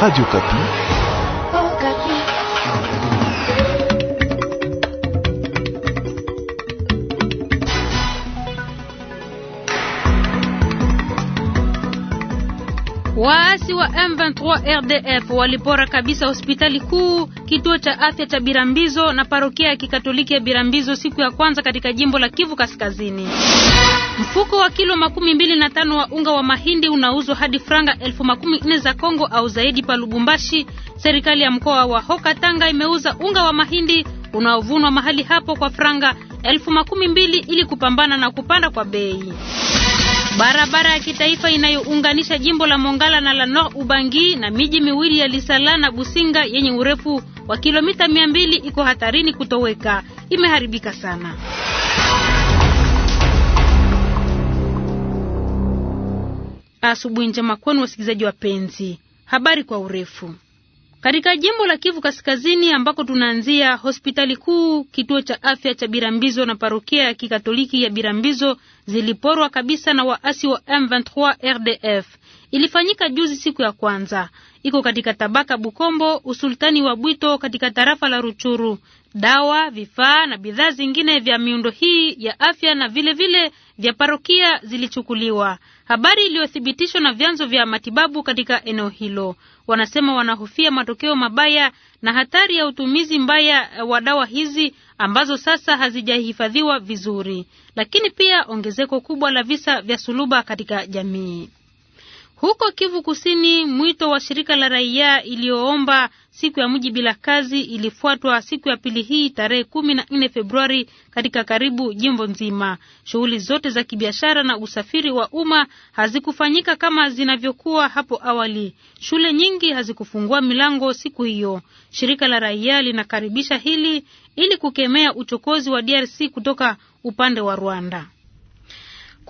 Radio Kapi. Oh, Kapi. Waasi wa M23 RDF walipora kabisa hospitali kuu, kituo cha afya cha Birambizo na parokia ya Kikatoliki ya Birambizo siku ya kwanza katika jimbo la Kivu Kaskazini. Mfuko wa kilo makumi mbili na tano wa unga wa mahindi unauzwa hadi franga elfu makumi nne za Kongo au zaidi pa Lubumbashi. Serikali ya mkoa wa Hoka Tanga imeuza unga wa mahindi unaovunwa mahali hapo kwa franga elfu makumi mbili ili kupambana na kupanda kwa bei. Barabara ya kitaifa inayounganisha jimbo la Mongala na la Nord Ubangi na miji miwili ya Lisala na Businga yenye urefu wa kilomita mia mbili iko hatarini kutoweka, imeharibika sana. Asubuhi njema kwenu wasikilizaji wapenzi. Habari kwa urefu. Katika jimbo la Kivu Kaskazini ambako tunaanzia, hospitali kuu, kituo cha afya cha Birambizo na parokia ya Kikatoliki ya Birambizo ziliporwa kabisa na waasi wa M23 RDF ilifanyika juzi siku ya kwanza. Iko katika tabaka Bukombo, usultani wa Bwito, katika tarafa la Ruchuru. Dawa, vifaa na bidhaa zingine vya miundo hii ya afya na vilevile vile vya parokia zilichukuliwa, habari iliyothibitishwa na vyanzo vya matibabu katika eneo hilo. Wanasema wanahofia matokeo mabaya na hatari ya utumizi mbaya wa dawa hizi ambazo sasa hazijahifadhiwa vizuri, lakini pia ongezeko kubwa la visa vya suluba katika jamii. Huko Kivu Kusini, mwito wa shirika la raia iliyoomba siku ya mji bila kazi ilifuatwa siku ya pili hii tarehe kumi na nne Februari katika karibu jimbo nzima. Shughuli zote za kibiashara na usafiri wa umma hazikufanyika kama zinavyokuwa hapo awali. Shule nyingi hazikufungua milango siku hiyo. Shirika la raia linakaribisha hili ili kukemea uchokozi wa DRC kutoka upande wa Rwanda.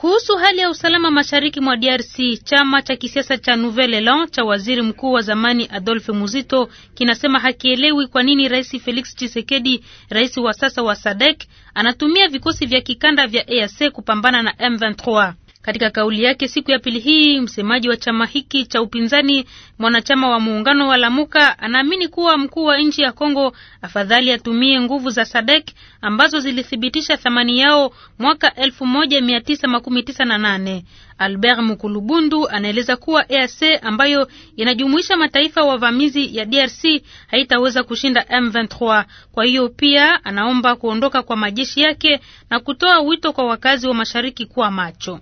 Kuhusu hali ya usalama mashariki mwa DRC, chama cha kisiasa cha Nouvel Elan cha waziri mkuu wa zamani Adolphe Muzito kinasema hakielewi kwa nini Rais Felix Tshisekedi, rais wa sasa wa SADC, anatumia vikosi vya kikanda vya EAC kupambana na M23. Katika kauli yake siku ya pili hii, msemaji wa chama hiki cha upinzani, mwanachama wa muungano wa Lamuka, anaamini kuwa mkuu wa nchi ya Kongo afadhali atumie nguvu za Sadek ambazo zilithibitisha thamani yao mwaka 1998. Albert Mukulubundu anaeleza kuwa EAC ambayo inajumuisha mataifa wavamizi ya DRC haitaweza kushinda M23. Kwa hiyo pia anaomba kuondoka kwa majeshi yake na kutoa wito kwa wakazi wa mashariki kuwa macho.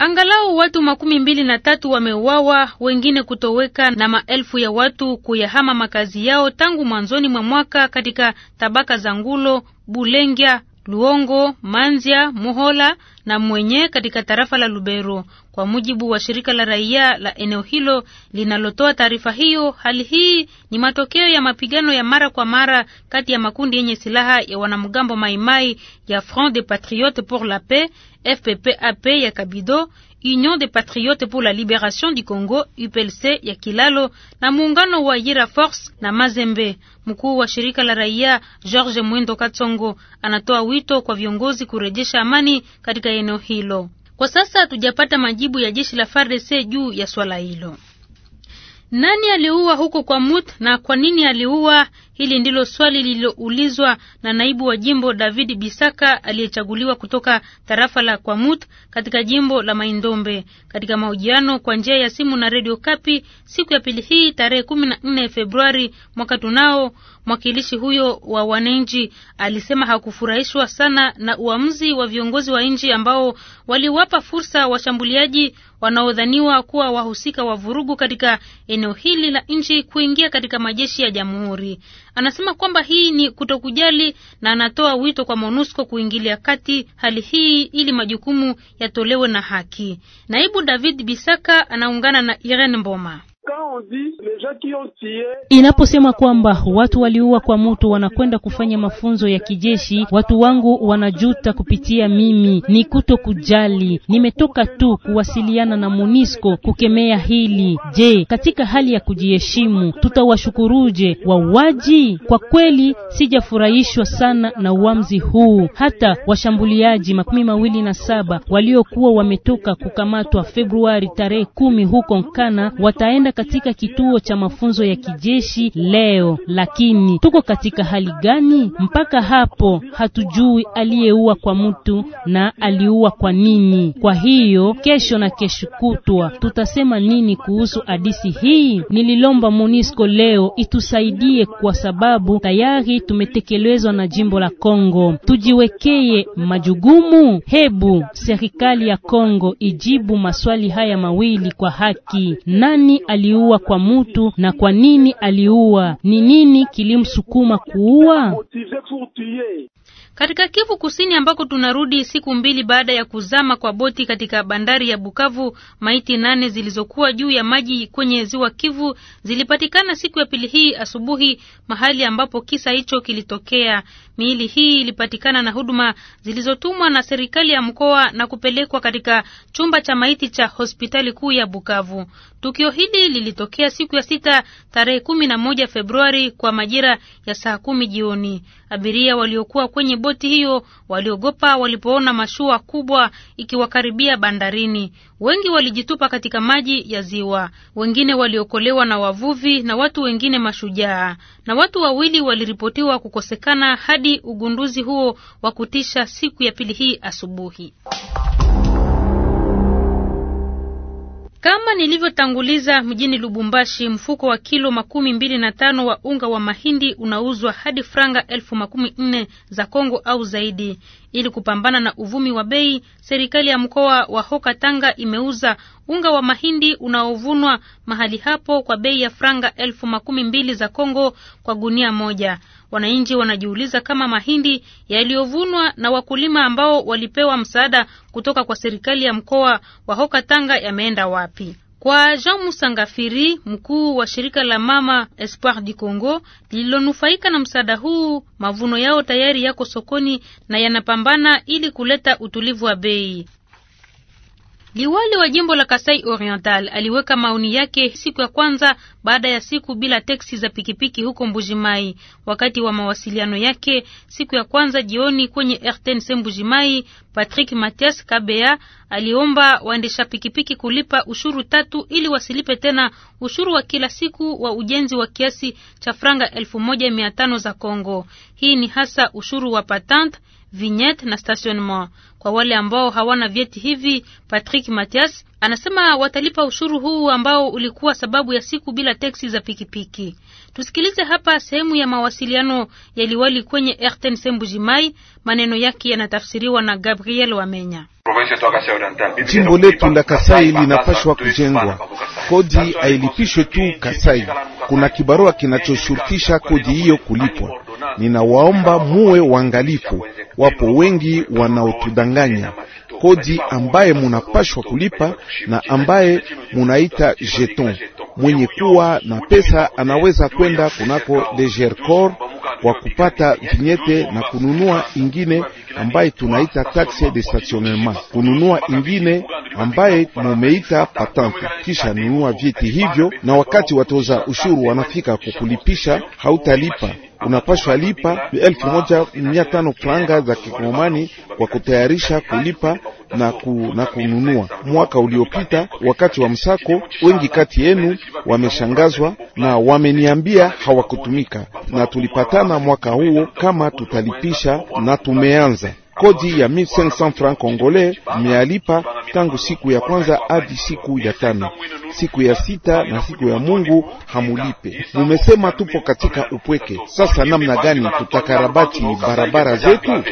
Angalau watu makumi mbili na tatu wameuawa, wengine kutoweka na maelfu ya watu kuyahama makazi yao tangu mwanzoni mwa mwaka katika tabaka za Ngulo, Bulengya, Luongo, Manzia, Muhola na Mwenye katika tarafa la Lubero. Kwa mujibu wa shirika la raia la eneo hilo linalotoa taarifa hiyo, hali hii ni matokeo ya mapigano ya mara kwa mara kati ya makundi yenye silaha ya wanamgambo Maimai ya Front des Patriotes pour la Paix, FPPAP ya Kabido Union des Patriotes pour la Libération du Congo UPLC ya Kilalo na muungano wa Yira Force na Mazembe. Mkuu wa shirika la raia George Mwendo Katsongo anatoa wito kwa viongozi kurejesha amani katika eneo hilo. Kwa sasa hatujapata majibu ya jeshi la FARDC juu ya swala hilo. Nani aliua huko kwa Mut na kwa nini aliua? Hili ndilo swali lililoulizwa na naibu wa jimbo David Bisaka aliyechaguliwa kutoka tarafa la Kwamut katika jimbo la Maindombe katika mahojiano kwa njia ya simu na Radio Kapi siku ya pili hii tarehe 14 Februari mwaka tunao. Mwakilishi huyo wa wananchi alisema hakufurahishwa sana na uamuzi wa viongozi wa nchi ambao waliwapa fursa washambuliaji wanaodhaniwa kuwa wahusika wa vurugu katika eneo hili la nchi kuingia katika majeshi ya jamhuri. Anasema kwamba hii ni kutokujali na anatoa wito kwa MONUSCO kuingilia kati hali hii ili majukumu yatolewe na haki. Naibu David Bisaka anaungana na Irene Mboma. Inaposema kwamba watu waliua kwa mutu wanakwenda kufanya mafunzo ya kijeshi, watu wangu wanajuta kupitia mimi, ni kuto kujali. Nimetoka tu kuwasiliana na Munisco kukemea hili. Je, katika hali ya kujiheshimu tutawashukuruje wauaji? Kwa kweli sijafurahishwa sana na uamuzi huu. Hata washambuliaji makumi mawili na saba waliokuwa wametoka kukamatwa Februari tarehe kumi huko Nkana wataenda katika katika kituo cha mafunzo ya kijeshi leo, lakini tuko katika hali gani? Mpaka hapo hatujui aliyeua kwa mtu na aliua kwa nini. Kwa hiyo kesho na kesho kutwa tutasema nini kuhusu hadisi hii? Nililomba Monisco leo itusaidie kwa sababu tayari tumetekelezwa na jimbo la Kongo. Tujiwekeye majugumu. Hebu serikali ya Kongo ijibu maswali haya mawili kwa haki: nani aliua kwa mutu na kwa nini aliua? Ni nini kilimsukuma kuua? Katika Kivu Kusini ambako tunarudi siku mbili baada ya kuzama kwa boti katika bandari ya Bukavu, maiti nane zilizokuwa juu ya maji kwenye ziwa Kivu zilipatikana siku ya pili hii asubuhi mahali ambapo kisa hicho kilitokea. Miili hii ilipatikana na huduma zilizotumwa na serikali ya mkoa na kupelekwa katika chumba cha maiti cha hospitali kuu ya Bukavu. Tukio hili lilitokea siku ya sita tarehe kumi na moja Februari kwa majira ya saa kumi jioni. Abiria waliokuwa kwenye boti hiyo waliogopa walipoona mashua kubwa ikiwakaribia bandarini. Wengi walijitupa katika maji ya ziwa, wengine waliokolewa na wavuvi na watu wengine mashujaa. Na watu wawili waliripotiwa kukosekana hadi ugunduzi huo wa kutisha siku ya pili hii asubuhi. Kama nilivyotanguliza mjini Lubumbashi, mfuko wa kilo makumi mbili na tano wa unga wa mahindi unauzwa hadi franga elfu makumi nne za Kongo au zaidi. Ili kupambana na uvumi wa bei, serikali ya mkoa wa Hoka Tanga imeuza unga wa mahindi unaovunwa mahali hapo kwa bei ya franga elfu makumi mbili za Kongo kwa gunia moja. Wananchi wanajiuliza kama mahindi yaliyovunwa na wakulima ambao walipewa msaada kutoka kwa serikali ya mkoa wa Hoka Tanga yameenda wapi? Kwa Jean Musangafiri, mkuu wa shirika la Mama Espoir du Congo lililonufaika na msaada huu, mavuno yao tayari yako sokoni na yanapambana ili kuleta utulivu wa bei. Liwali wa jimbo la Kasai Oriental aliweka maoni yake siku ya kwanza baada ya siku bila teksi za pikipiki huko Mbujimai. Wakati wa mawasiliano yake siku ya kwanza jioni kwenye RTNC Mbujimai, Patrick Mathias Kabea aliomba waendesha pikipiki kulipa ushuru tatu ili wasilipe tena ushuru wa kila siku wa ujenzi wa kiasi cha franga 1500 za Kongo. Hii ni hasa ushuru wa patente vignette na stationnement. Kwa wale ambao hawana vyeti hivi, Patrick mathias anasema watalipa ushuru huu ambao ulikuwa sababu ya siku bila teksi za pikipiki. Tusikilize hapa sehemu ya mawasiliano ya liwali kwenye RTNC Sembujimai. Maneno yake yanatafsiriwa na Gabriel Wamenya. Jimbo letu la Kasai linapashwa kujengwa, kodi ailipishwe tu Kasai. Kuna kibarua kinachoshurutisha kodi hiyo kulipwa. Ninawaomba muwe waangalifu, wapo wengi wanaotudanganya mnadanganya kodi ambaye munapashwa kulipa na ambaye munaita jeton. Mwenye kuwa na pesa anaweza kwenda kunako Degercor kwa kupata vinyete na kununua ingine ambaye tunaita taxe de stationnement, kununua ingine ambaye mumeita patante. Kisha nunua vyeti hivyo, na wakati watoza ushuru wanafika kukulipisha, hautalipa unapashwa lipa elfu moja mia tano franga za kikongomani kwa kutayarisha kulipa na, ku, na kununua. Mwaka uliopita wakati wa msako, wengi kati yenu wameshangazwa na wameniambia hawakutumika, na tulipatana mwaka huo kama tutalipisha, na tumeanza kodi ya 1500 francs congolais mmealipa tangu siku ya kwanza hadi siku ya tano. Siku ya sita na siku ya Mungu hamulipe. Mumesema tupo katika upweke. Sasa namna gani tutakarabati barabara zetu?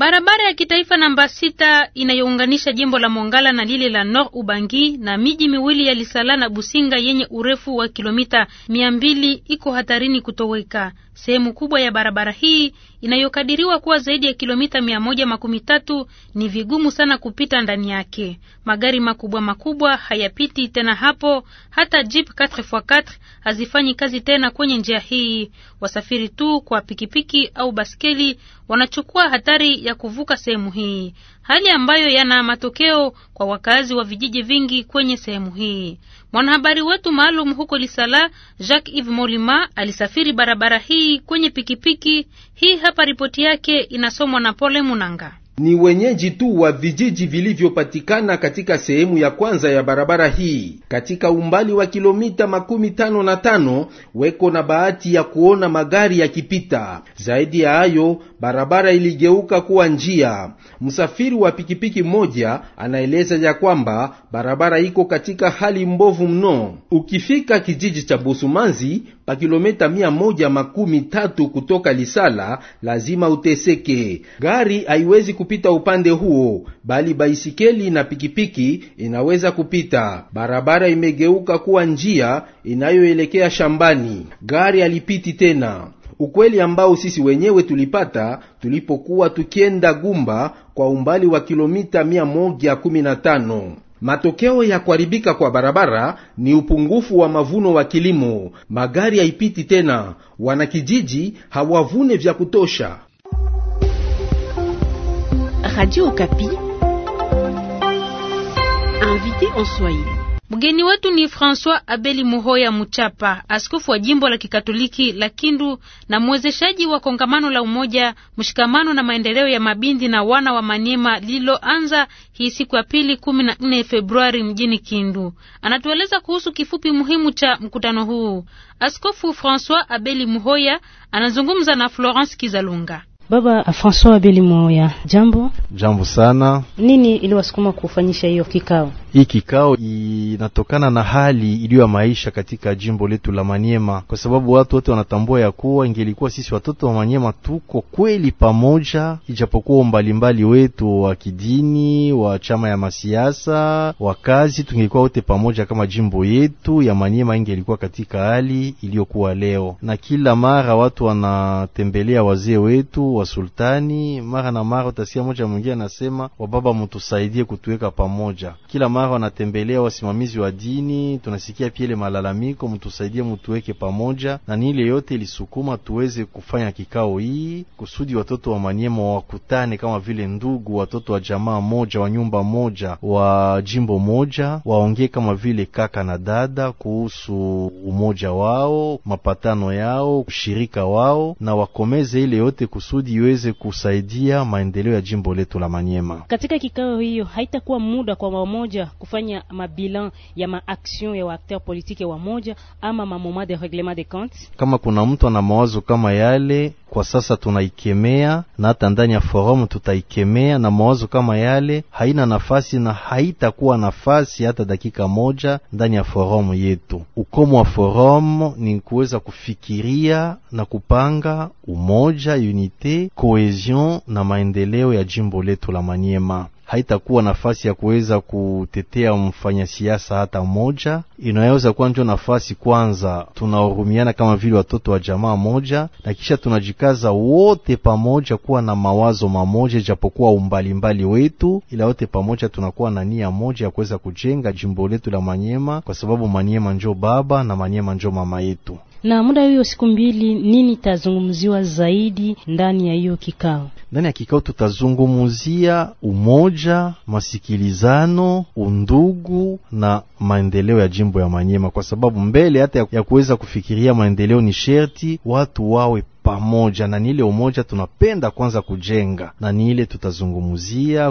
Barabara ya kitaifa namba sita inayounganisha jimbo la Mongala na lile la Nord Ubangi na miji miwili ya Lisala na Businga yenye urefu wa kilomita mia mbili iko hatarini kutoweka. Sehemu kubwa ya barabara hii inayokadiriwa kuwa zaidi ya kilomita mia moja makumi tatu ni vigumu sana kupita ndani yake. Magari makubwa makubwa hayapiti tena hapo, hata jeep 4x4 hazifanyi kazi tena kwenye njia hii. Wasafiri tu kwa pikipiki au baskeli wanachukua hatari ya kuvuka sehemu hii hali ambayo yana matokeo kwa wakazi wa vijiji vingi kwenye sehemu hii. Mwanahabari wetu maalum huko Lisala, Jacques Yves Molima, alisafiri barabara hii kwenye pikipiki. Hii hapa ripoti yake, inasomwa na Pole Munanga ni wenyeji tu wa vijiji vilivyopatikana katika sehemu ya kwanza ya barabara hii. Katika umbali wa kilomita makumi tano na tano weko na bahati ya kuona magari yakipita. Zaidi ya hayo, barabara iligeuka kuwa njia. Msafiri wa pikipiki moja anaeleza ya kwamba barabara iko katika hali mbovu mno. Ukifika kijiji cha Busumanzi pa kilomita mia moja makumi tatu kutoka Lisala lazima uteseke. Gari haiwezi kupita upande huo, bali baisikeli na pikipiki inaweza kupita. Barabara imegeuka kuwa njia inayoelekea shambani, gari halipiti tena. Ukweli ambao sisi wenyewe tulipata tulipokuwa tukienda Gumba kwa umbali wa kilomita 115 Matokeo ya kuharibika kwa barabara ni upungufu wa mavuno wa kilimo. Magari haipiti tena, wanakijiji hawavune vya kutosha. Radio Okapi, invité en Swahili. Mgeni wetu ni François Abeli Muhoya Muchapa, askofu wa jimbo la kikatoliki la Kindu na mwezeshaji wa kongamano la umoja, mshikamano na maendeleo ya mabinti na wana wa Maniema lililoanza hii siku ya pili kumi na nne Februari mjini Kindu. Anatueleza kuhusu kifupi muhimu cha mkutano huu. Askofu François Abeli Muhoya anazungumza na Florence Kizalunga. Baba François Abeli Moya, jambo. Jambo sana. Nini iliwasukuma kufanyisha hiyo kikao? Hii kikao inatokana na hali iliyo ya maisha katika jimbo letu la manyema kwa sababu watu wote wanatambua ya kuwa ingelikuwa sisi watoto wa manyema tuko kweli pamoja, ijapokuwa mbalimbali wetu wa kidini, wa chama ya masiasa, wa kazi, tungekuwa wote pamoja kama jimbo yetu ya manyema ingelikuwa katika hali iliyokuwa leo, na kila mara watu wanatembelea wazee wetu wa sultani. Mara na mara utasikia moja mwingine anasema wababa, mtusaidie kutuweka pamoja. Kila mara wanatembelea wasimamizi wa dini, tunasikia pia ile malalamiko, mtusaidie, mtuweke pamoja, na ni ile yote ilisukuma tuweze kufanya kikao hii kusudi watoto wa manyema wakutane kama vile ndugu, watoto wa jamaa moja, wa nyumba moja, wa jimbo moja, waongee kama vile kaka na dada kuhusu umoja wao, mapatano yao, ushirika wao, na wakomeze ile yote kusudi ili iweze kusaidia maendeleo ya jimbo letu la Manyema. Katika kikao hiyo haitakuwa muda kwa wamoja kufanya mabilan ya maaction ya waakteur politike wamoja ama mamoma de reglement de comptes. Kama kuna mtu ana mawazo kama yale, kwa sasa tunaikemea na hata ndani ya forum tutaikemea, na mawazo kama yale haina nafasi na haitakuwa nafasi hata dakika moja ndani ya forum yetu. Ukomo wa forum ni kuweza kufikiria na kupanga umoja unite ili kohesion na maendeleo ya jimbo letu la manyema Haitakuwa nafasi ya kuweza kutetea siasa hata mmoja, inaweza kuwa njo nafasi kwanza tunahurumiana kama vile watoto wa jamaa moja, na kisha tunajikaza wote pamoja kuwa na mawazo mamoja, japokuwa umbalimbali wetu, ila wote pamoja tunakuwa na nia moja ya kuweza kujenga jimbo letu la Manyema, kwa sababu Manyema njo baba na Manyema njo mama yetu. Na muda hiyo siku mbili, nini itazungumziwa zaidi ndani ya hiyo kikao? Ndani ya kikao tutazungumzia umoja, masikilizano, undugu na maendeleo ya jimbo ya Manyema, kwa sababu mbele hata ya kuweza kufikiria maendeleo ni sherti watu wawe pamoja na ni ile umoja tunapenda kwanza kujenga, na ni ile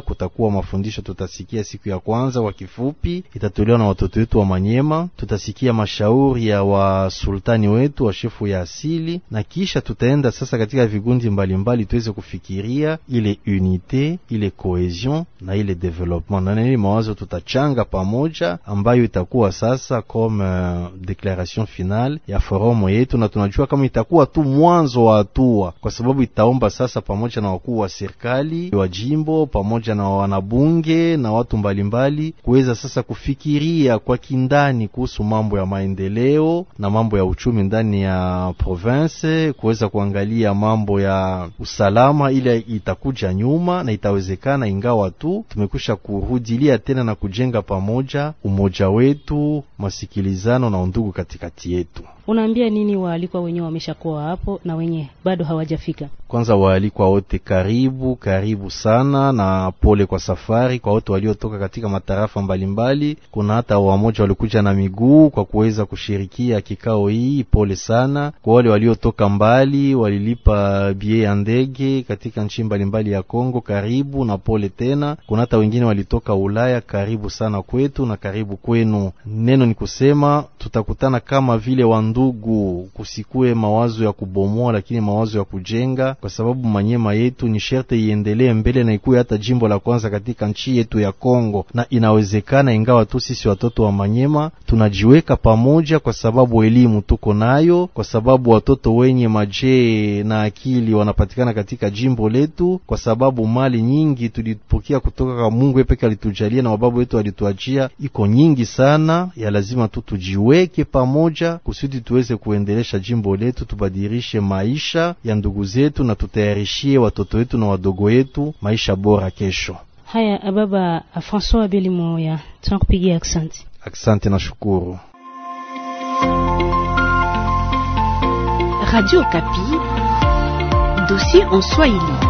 Kutakuwa mafundisho tutasikia siku ya kwanza wa kifupi, itatolewa na watoto wetu wa Manyema. Tutasikia mashauri ya wasultani wetu wa shefu ya asili, na kisha tutaenda sasa katika vigundi mbalimbali tuweze kufikiria ile unite, ile cohesion na ile development, na nini mawazo tutachanga pamoja, ambayo itakuwa sasa comme euh, declaration finale ya forum yetu, na tunajua kama itakuwa tu mwanzo mfululizo wa hatua, kwa sababu itaomba sasa pamoja na wakuu wa serikali wa jimbo pamoja na wanabunge na watu mbalimbali kuweza sasa kufikiria kwa kindani kuhusu mambo ya maendeleo na mambo ya uchumi ndani ya province, kuweza kuangalia mambo ya usalama, ili itakuja nyuma na itawezekana, ingawa tu tumekwisha kurudilia tena na kujenga pamoja umoja wetu, masikilizano na undugu katikati yetu unaambia nini waalikwa wenye wameshakuwa hapo na wenye bado hawajafika? Kwanza waalikwa wote, karibu karibu sana na pole kwa safari kwa wote waliotoka katika matarafa mbalimbali. Kuna hata wamoja walikuja na miguu kwa kuweza kushirikia kikao hii, pole sana kwa wale waliotoka mbali, walilipa bie ya ndege katika nchi mbalimbali ya Kongo, karibu na pole tena. Kuna hata wengine walitoka Ulaya, karibu sana kwetu na karibu kwenu. Neno ni kusema tutakutana kama vile wandu ndugu, kusikue mawazo ya kubomoa, lakini mawazo ya kujenga, kwa sababu Manyema yetu ni sherte iendelee mbele na ikuwe hata jimbo la kwanza katika nchi yetu ya Kongo, na inawezekana, ingawa tu sisi watoto wa Manyema tunajiweka pamoja, kwa sababu elimu tuko nayo, kwa sababu watoto wenye majee na akili wanapatikana katika jimbo letu, kwa sababu mali nyingi tulipokea kutoka kwa Mungu peke alitujalia na wababu wetu walituachia, iko nyingi sana, ya lazima tu tujiweke pamoja kusudi tuweze kuendelesha jimbo letu, tubadirishe maisha ya ndugu zetu na tutayarishie watoto wetu na wadogo wetu maisha bora kesho. Haya, ababa François Abeli Moya, tunakupigia asante. Asante na shukuru. Radio Kapi, dosie en Swahili.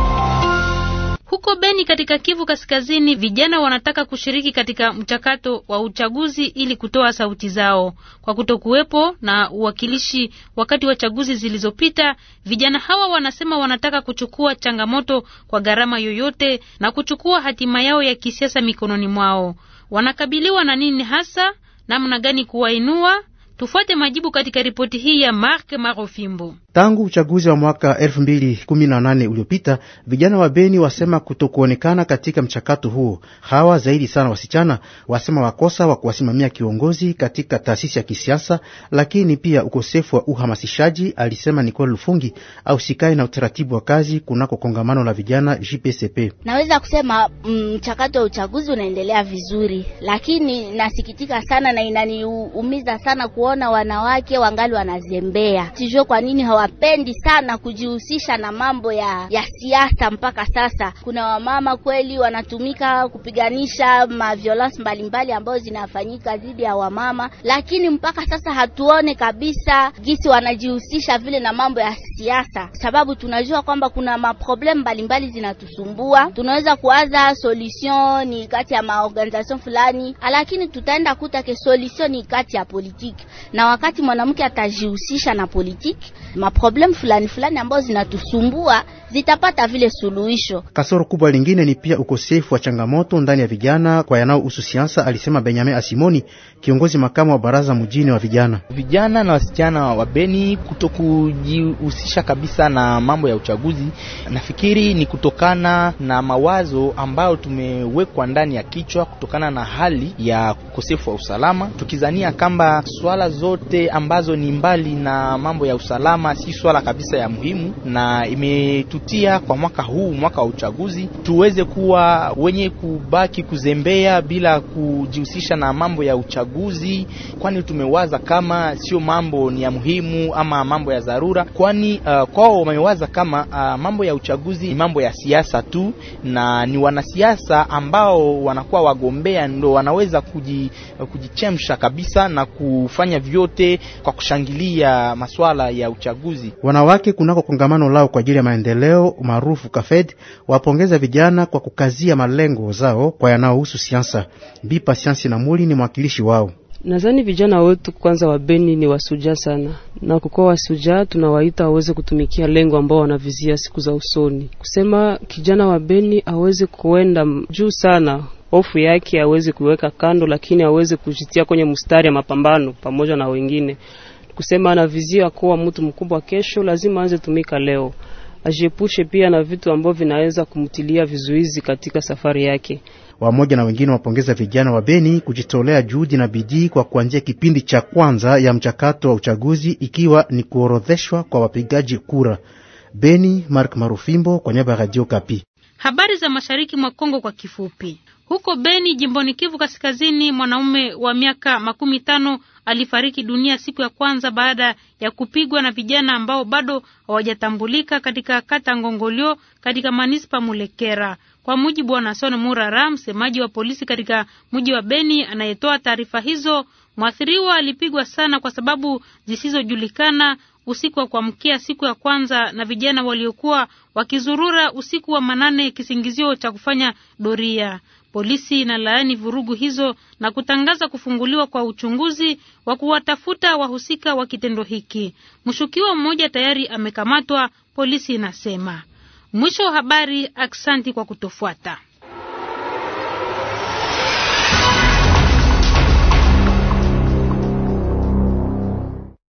Huko Beni katika Kivu Kaskazini, vijana wanataka kushiriki katika mchakato wa uchaguzi ili kutoa sauti zao. Kwa kutokuwepo na uwakilishi wakati wa chaguzi zilizopita, vijana hawa wanasema wanataka kuchukua changamoto kwa gharama yoyote na kuchukua hatima yao ya kisiasa mikononi mwao. Wanakabiliwa na nini hasa? Namna gani kuwainua? Tufuate majibu katika ripoti hii ya Mark Marofimbo. Tangu uchaguzi wa mwaka 2018 uliopita, vijana wa Beni wasema kutokuonekana katika mchakato huo. Hawa zaidi sana wasichana wasema wakosa wa kuwasimamia kiongozi katika taasisi ya kisiasa, lakini pia ukosefu wa uhamasishaji, alisema Nicole Lufungi au sikai na utaratibu wa kazi kunako kongamano la vijana JPCP. Naweza kusema mm, mchakato wa uchaguzi unaendelea vizuri, lakini nasikitika sana na inaniumiza sana kuona wanawake wangali wanazembea. Sijue kwa nini hawa hawapendi sana kujihusisha na mambo ya, ya siasa mpaka sasa. Kuna wamama kweli wanatumika kupiganisha maviolence mbalimbali ambazo zinafanyika dhidi ya wamama, lakini mpaka sasa hatuone kabisa gisi wanajihusisha vile na mambo ya kisiasa, sababu tunajua kwamba kuna maproblemu mbalimbali zinatusumbua. Tunaweza kuwaza solution ni kati ya maorganization fulani, lakini tutaenda kuta ke solution ni kati ya politiki, na wakati mwanamke atajihusisha na politiki, maproblemu fulani fulani ambayo zinatusumbua zitapata vile suluhisho. Kasoro kubwa lingine ni pia ukosefu wa changamoto ndani ya vijana kwa yanao yanayohusu siasa, alisema Benyamin Asimoni, kiongozi makamu wa baraza mjini wa vijana. Vijana na wasichana wa Beni kutokujihusisha kabisa na mambo ya uchaguzi, nafikiri ni kutokana na mawazo ambayo tumewekwa ndani ya kichwa kutokana na hali ya ukosefu wa usalama, tukizania kamba swala zote ambazo ni mbali na mambo ya usalama si swala kabisa ya muhimu na ime kututia kwa mwaka huu, mwaka wa uchaguzi, tuweze kuwa wenye kubaki kuzembea bila kujihusisha na mambo ya uchaguzi, kwani tumewaza kama sio mambo ni ya muhimu ama mambo ya dharura, kwani uh, kwao wamewaza kama uh, mambo ya uchaguzi ni mambo ya siasa tu, na ni wanasiasa ambao wanakuwa wagombea ndio wanaweza kuji, uh, kujichemsha kabisa na kufanya vyote kwa kushangilia masuala ya uchaguzi. Wanawake kunako kongamano lao kwa ajili ya maendeleo maendeleo maarufu KAFED wapongeza vijana kwa kukazia malengo zao kwa yanayohusu siasa. Siansi na Muli ni mwakilishi wao. Nadhani vijana wetu kwanza wa Beni ni wasuja sana, na kukuwa wasuja tunawaita aweze kutumikia lengo ambao wanavizia siku za usoni. Kusema kijana wa Beni aweze kuenda juu sana hofu yake aweze kuweka kando, lakini aweze kujitia kwenye mstari ya mapambano pamoja na wengine. Kusema anavizia kuwa mtu mkubwa kesho, lazima aanze tumika leo ajiepushe pia na vitu ambavyo vinaweza kumtilia vizuizi katika safari yake. Wamoja na wengine wapongeza vijana wa Beni kujitolea juhudi na bidii kwa kuanzia kipindi cha kwanza ya mchakato wa uchaguzi ikiwa ni kuorodheshwa kwa wapigaji kura. Beni, Mark Marufimbo kwa niaba ya Radio Kapi. Habari za mashariki mwa Kongo kwa kifupi. Huko Beni, jimboni Kivu Kaskazini, mwanaume wa miaka makumi tano alifariki dunia siku ya kwanza baada ya kupigwa na vijana ambao bado hawajatambulika katika kata Ngongolio katika manispa Mulekera, kwa mujibu wa Nason Murara, msemaji wa polisi katika mji wa Beni anayetoa taarifa hizo. Mwathiriwa alipigwa sana kwa sababu zisizojulikana, usiku wa kuamkia siku ya kwanza na vijana waliokuwa wakizurura usiku wa manane, kisingizio cha kufanya doria. Polisi inalaani vurugu hizo na kutangaza kufunguliwa kwa uchunguzi wa kuwatafuta wahusika wa kitendo hiki. Mshukiwa mmoja tayari amekamatwa, polisi inasema. Mwisho wa habari. Aksanti kwa kutofuata.